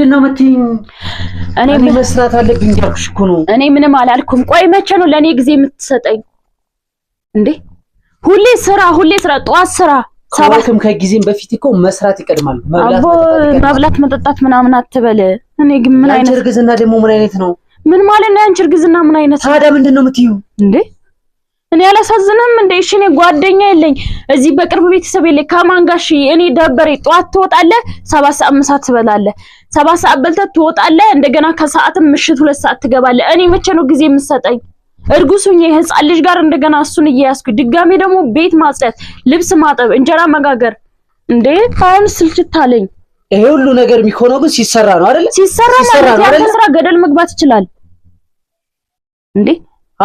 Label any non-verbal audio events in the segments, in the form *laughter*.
ምንድን ነው የምትይኝ? እኔ መስራት አለብኝ እያልኩሽ እኮ ነው። እኔ ምንም አላልኩም። ቆይ መቼ ነው ለእኔ ጊዜ የምትሰጠኝ እንዴ? ሁሌ ስራ፣ ሁሌ ስራ፣ ጠዋት ስራ ሰባትም ከጊዜም በፊት እኮ መስራት ይቀድማል። መብላት መጠጣት ምናምን አትበል። እኔ ግን ምን አይነት እርግዝና ደግሞ ምን አይነት ነው? ምን ማለት ነው? የአንቺ እርግዝና ምን አይነት ታዲያ? ምንድን ነው የምትይው እንዴ? እኔ አላሳዝንም እንደ እሺ፣ እኔ ጓደኛ የለኝ እዚህ በቅርብ ቤተሰብ የለኝ። ከማን ጋር እኔ ደበሬ። ጠዋት ትወጣለህ፣ ሰባት ሰዓት ምሳ ትበላለህ፣ ሰባት ሰዓት በልተህ ትወጣለህ። እንደገና ከሰዓትም ምሽት ሁለት ሰዓት ትገባለህ። እኔ መቼ ነው ጊዜ የምሰጠኝ? እርጉሱኝ የህፃን ልጅ ጋር እንደገና እሱን እየያዝኩ ድጋሜ ደግሞ ቤት ማጽዳት፣ ልብስ ማጠብ፣ እንጀራ መጋገር እንዴ! አሁን ስልችት አለኝ። ይሄ ሁሉ ነገር የሚሆነው ግን ሲሰራ ነው አይደል? ሲሰራ ማለት ያለ ስራ ገደል መግባት ይችላል እንዴ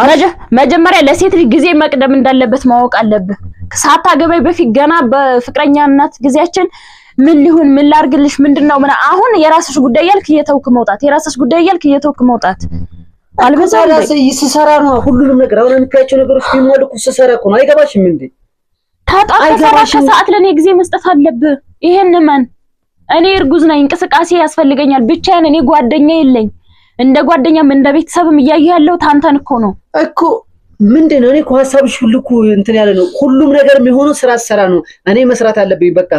አረጀ መጀመሪያ ለሴት ልጅ ጊዜ መቅደም እንዳለበት ማወቅ አለብህ። ሳታገባኝ በፊት ገና በፍቅረኛነት ጊዜያችን ምን ሊሆን ምን ላርግልሽ ምንድነው ምን አሁን የራስሽ ጉዳይ ያልክ እየተውክ መውጣት የራስሽ ጉዳይ ያልክ እየተውክ መውጣት አልበዛም ስሰራ ነው ሁሉንም ነገር አሁን የምታያቸው ነገሮች ቢሞሉ እኮ ስሰራ እኮ ነው አይገባሽም እንዴ ታጣጣ ሰዓት ለኔ ጊዜ መስጠት አለብህ ይሄን እመን እኔ እርጉዝ ነኝ እንቅስቃሴ ያስፈልገኛል ብቻዬን እኔ ጓደኛ የለኝ እንደ ጓደኛም እንደ ቤተሰብም እያየ ያለሁት አንተን እኮ ነው እኮ ምንድን ነው እኔ እኮ ሀሳብሽ ሁሉ እኮ እንትን ያለ ነው። ሁሉም ነገር የሚሆነው ስራ ስራ ነው። እኔ መስራት አለብኝ። በቃ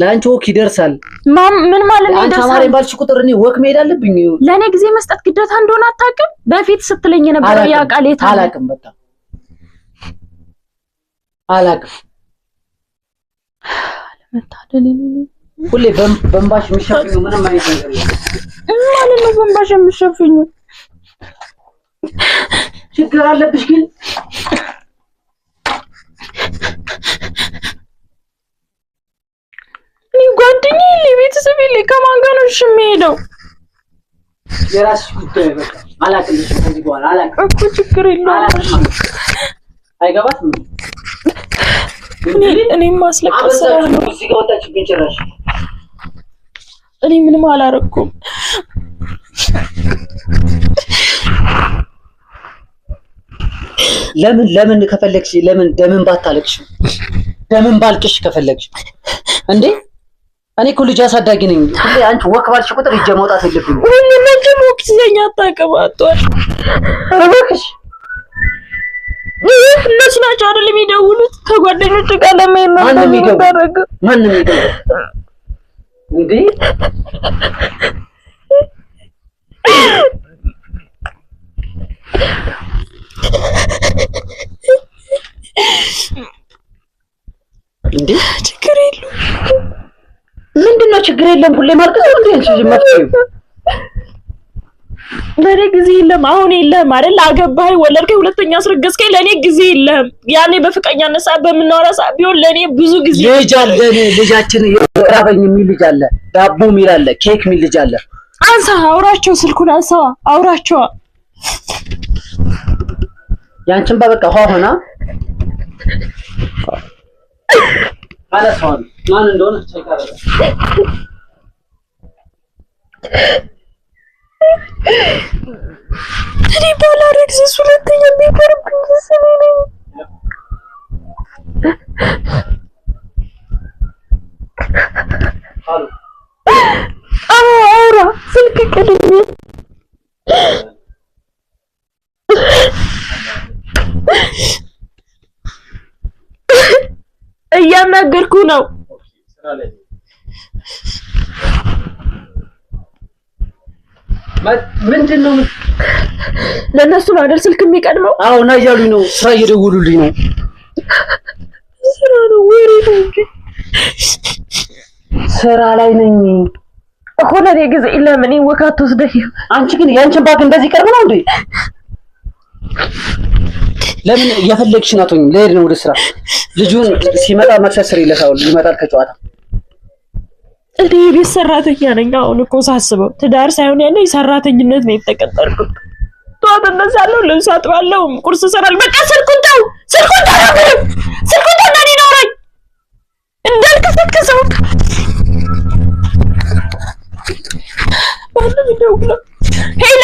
ለአንቺ ወክ ይደርሳል። ምን ማለት ነው? አንቺ አማሬ ባልሽ ቁጥር እኔ ወክ መሄድ አለብኝ። ለእኔ ጊዜ መስጠት ግዴታ እንደሆነ አታውቅም። በፊት ስትለኝ የነበረው ያ ቃል የት አላውቅም። በቃ አላውቅም። *sighs* ለመታደል ነው ሁሌ በንባሽ የምትሸፍኙ ምንም አይነት ነገር ማለት ነው። በንባሽ የምትሸፍኙ ችግር አለብሽ ግን እኔ ጓደኛዬ ቤተሰብ የለኝ። ከማን ጋር ነው እሺ የምሄደው? የራስሽ ጉዳይ በቃ አላቅልሽም። ከዚህ በኋላ አላቅም እኮ ችግር የለውም። አይገባትም። እኔም ማስለቀስ እዚህ ጋር ወጣችብኝ ጭራሽ እኔ ምንም አላረኩም። ለምን ለምን ከፈለግሽ ለምን ደምን ባታለቅሽ ደምን ባልቅሽ ከፈለግሽ እንዴ እኔ እኮ ልጅ አሳዳጊ ነኝ። ሁሌ አንቺ ወክ ባልሽ ቁጥር ሂጅ መውጣት ምን ሁሌ መቼ ወክ ሲለኝ አታቀባቷል። እባክሽ እነሱ ናቸው አይደል የሚደውሉት? ከጓደኞች ጋር ለመሄድ ነው። ማንም ነው ማንም እንዴ እንዴ ችግር የለም። ምንድን ነው ችግር የለም። ሁሌ ማልቀስ ነው እንዴ አንቺ ለእኔ ጊዜ የለም፣ አሁን የለም አይደል? አገባኸኝ፣ ወለድከኝ፣ ሁለተኛ አስረገዝከኝ፣ ለእኔ ጊዜ የለም። ያኔ በፍቀኛነት ሰዓት በምናወራ ሰዓት ቢሆን ለእኔ ብዙ ጊዜ ልጅ አለ። እኔ ልጃችን የራበኝ የሚል ልጅ አለ፣ ዳቦ የሚል አለ፣ ኬክ የሚል ልጅ አለ። አንሳ፣ አውራቸው፣ ስልኩን አንሳ፣ አውራቸው። ያንቺን በበቃ ውሃ ሆና ማለት ማን እንደሆነ እኔ ባላረግዝሽ ሁለተኛ የሚቀርብኝ ስኔ ነኝ። አውራ ስልክ ቅድሜ እያናገርኩ ነው። ምንድን ነው? ለእነሱ ነው ስልክ የሚቀድመው? አዎ፣ ና እያሉኝ ነው። ስራ እየደወሉልኝ ነው። ስራ ነው ወሬ ነው እንጂ ስራ ላይ ነኝ እኮ ለእኔ ጊዜ ለምን ወካት ወስደህ። አንቺ ግን የአንቺን ባክ እንደዚህ ቀርብ ነው እንዴ? ለምን የፈለግሽ ናቶኝ ለሄድ ነው ወደ ስራ። ልጁን ሲመጣ መክሰስ ስር ይለታው ይመጣል ከጨዋታ እኔ የቤት ሰራተኛ ነኝ። አሁን እኮ ሳስበው ትዳር ሳይሆን ያለ ሰራተኝነት ነው የተቀጠርኩት። ጠዋት እነሳለሁ፣ ልብስ አጥባለሁ፣ ቁርስ እሰራለሁ። በቃ ስልኩን ተው፣ ስልኩን ተው፣ ስልኩን ተው። ዳኒ ኖረኝ እንዳልከሰከሰው ባለም ደውላ ሄሎ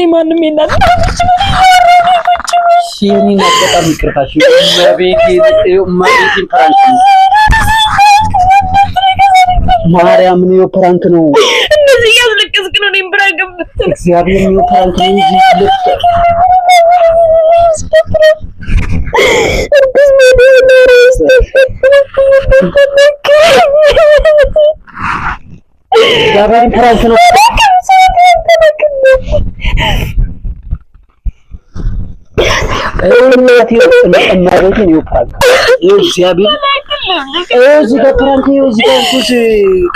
የሚያስለቅሰኝ ማንም የላት። በጣም ይቅርታሽ ፕራንክ ነው። እንደዚህ እያስለቀስክ ነው እኔም ብራ እግዚአብሔር ነው ፕራንክ ነው እንጂ እግዚአብሔር ፕራንክ ነው። እናት እናቤትን ይውቃል እግዚአብሔር እዚህ ጋር ፕራንክ እዚህ ጋር ኩስ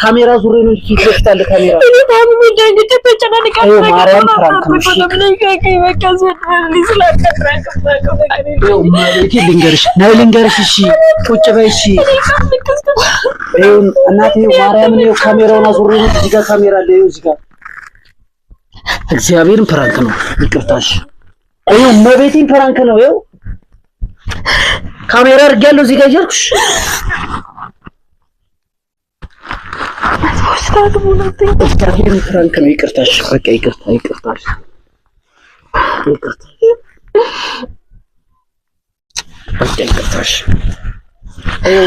ካሜራ ዙሬ ነው ፊት ለፊት አለ ካሜራ እኔ ታምሙ ደንግጬ ተጨናንቄ ማርያም ፕራንክ ነው። እሺ ማለቴ ልንገርሽ፣ ነይ ልንገርሽ። እሺ ቁጭ በይ። እሺ እናቴ ማርያም ነው። ካሜራውን አዙሬ ነው። እዚህ ጋር ካሜራ አለ። እዚህ ጋር እግዚአብሔርን ፕራንክ ነው። ይቅርታሽ ይሁን መቤቴን ፕራንክ ነው ይው ካሜራ አድርጌያለሁ እዚህ ጋር እያልኩሽ ፍራንክ ነው። ይቅርታሽ፣ በቃ ይቅርታ፣ ይቅርታሽ፣ ይቅርታሽ።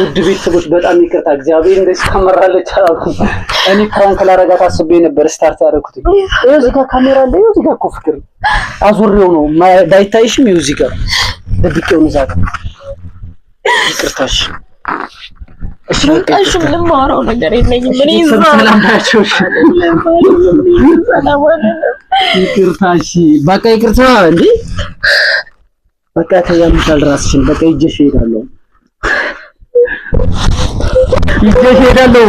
ውድ ቤተሰቦች በጣም ይቅርታ። እግዚአብሔር እንደዚህ ከመራለች አላልኩም። እኔ ላረጋት አስቤ ነበር ስታርት ያደረኩት። እዚህ ጋር ካሜራ አለ። እዚህ ጋር እኮ ፍቅር አዙሬው ነው ባይታይሽም፣ እዚህ ጋር ደብቄውን እዛ ጋር ይቅርታሽ። ሽንቀሽ ነገር የለኝም። ምን ይቅርታሽ፣ በቃ ይቅርታ። እንዴ በቃ ተያምታል ራስሽን። በቃ ይዤሽ እሄዳለሁ።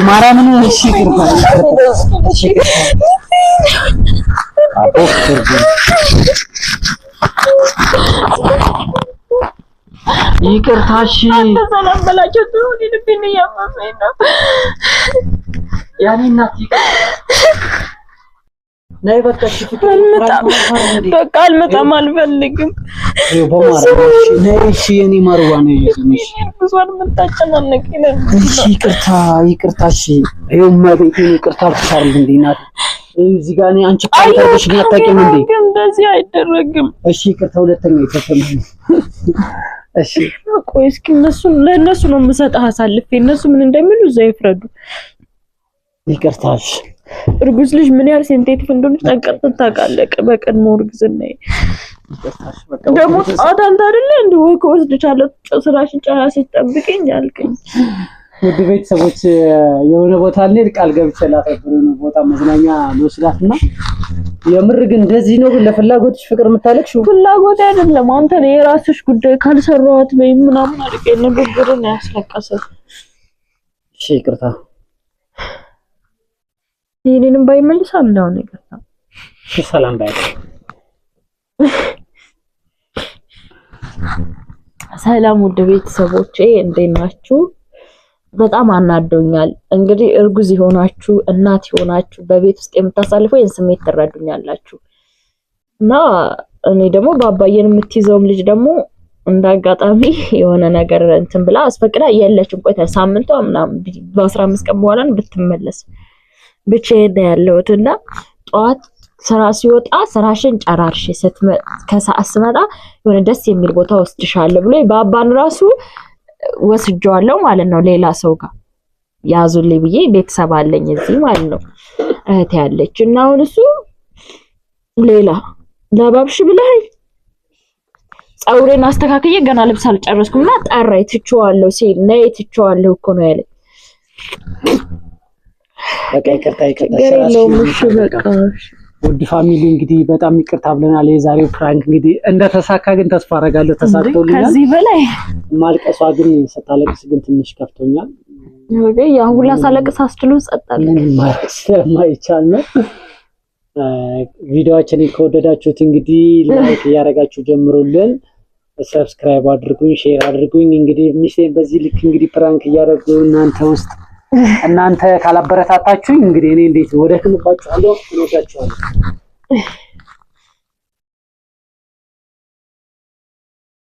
ማርያምን፣ እሺ ይቅርታ። አቦ ይቅርታሽ ሰላም በላቸው። ትሁን ልብን እያመመኝ ነው። ያኔ እናት ነይ በቃ በቃ አልመጣም፣ አልፈልግም። እሺ የኔ ማርዋ ነው እየሰሚሽ ብዙ አልመጣጨናነቅ እሺ፣ ይቅርታ ይቅርታ። እሺ ይኸው ማቤቴ ይቅርታ አልተሻልም እንዴ ናት እዚህ ጋር እኔ አንቺ ካልታደሽ ነው አታውቂም እንዴ? እንደዚህ አይደረግም። እሺ ይቅርታ፣ ሁለተኛ ይፈተም እሺ ቆይ እስኪ እነሱ ለእነሱ ነው የምሰጥህ አሳልፌ እነሱ ምን እንደሚሉ እዛ ይፍረዱ። ይቅርታሽ እርጉዝ ልጅ ምን ያህል ሴንቴቲቭ እንደሆነች ጠንቀጥን ታውቃለህ። በቀድሞ እርግዝና ደግሞ ጣዳንት አይደለ እንደ ወክ ወስድቻለሁ። ስራሽን ጫና ስትጠብቅኝ አልከኝ። ውድ ቤተሰቦች የሆነ ቦታ ልሄድ ቃል ገብቼላት ቦታ መዝናኛ ልወስዳት እና የምር ግን እንደዚህ ነው ለፍላጎትሽ ፍቅር የምታለቅሽው? ፍላጎት አይደለም። አንተ ነው የራስሽ ጉዳይ። ካልሰራሁት ወይም ምናምን አድርገን ንግግርን ያስለቀሰ። እሺ ይቅርታ። ይሄንንም ባይመልስ አምላውን ይቅርታ። ሰላም ባይ ሰላም፣ ውድ ቤተሰቦቼ እንዴት ናችሁ? በጣም አናደውኛል። እንግዲህ እርጉዝ የሆናችሁ እናት የሆናችሁ በቤት ውስጥ የምታሳልፈው ይህን ስሜት ትረዱኛላችሁ እና እኔ ደግሞ በአባዬን የምትይዘውም ልጅ ደግሞ እንደ አጋጣሚ የሆነ ነገር እንትን ብላ አስፈቅዳ የለችም። ቆይታ ሳምንቷ ምናምን በአስራ አምስት ቀን በኋላ ብትመለስ ብቻዬን ነው ያለሁት እና ጠዋት ስራ ሲወጣ ስራሽን ጨራርሽ ከሰዓት ስመጣ የሆነ ደስ የሚል ቦታ ወስድሻለሁ ብሎ በአባን ራሱ ወስጄዋለሁ ማለት ነው። ሌላ ሰው ጋር ያዙልኝ ብዬ ቤተሰብ አለኝ እዚህ ማለት ነው። እህት ያለች እና አሁን እሱ ሌላ ለባብሽ ብለኸኝ ፀጉሬን አስተካክዬ ገና ልብስ አልጨረስኩም እና ጠራኝ። ትቼዋለሁ ሲል ነይ ትቼዋለሁ እኮ ነው ያለኝ። በቃ ይቅርታ ይቅርታ፣ ችግር የለውም እሺ በቃ ውድ ፋሚሊ እንግዲህ በጣም ይቅርታ ብለናል። የዛሬው ፕራንክ እንግዲህ እንደተሳካ ግን ተስፋ አደርጋለሁ ተሳክቶልኛል። ከዚህ በላይ ማልቀሷ ግን ስታለቅስ ግን ትንሽ ከፍቶኛል። ያን ሁላ ሳለቅስ አስችሉ ጸጣል ስለማይቻል ነው። ቪዲዮአችንን ከወደዳችሁት እንግዲህ ላይክ እያደረጋችሁ ጀምሩልን፣ ሰብስክራይብ አድርጉኝ፣ ሼር አድርጉኝ። እንግዲህ ሚስቴን በዚህ ልክ እንግዲህ ፕራንክ እያደረጉ እናንተ ውስጥ እናንተ ካላበረታታችሁኝ እንግዲህ እኔ እንዴት ወደ ህክምባችኋለሁ ሮሻችኋለሁ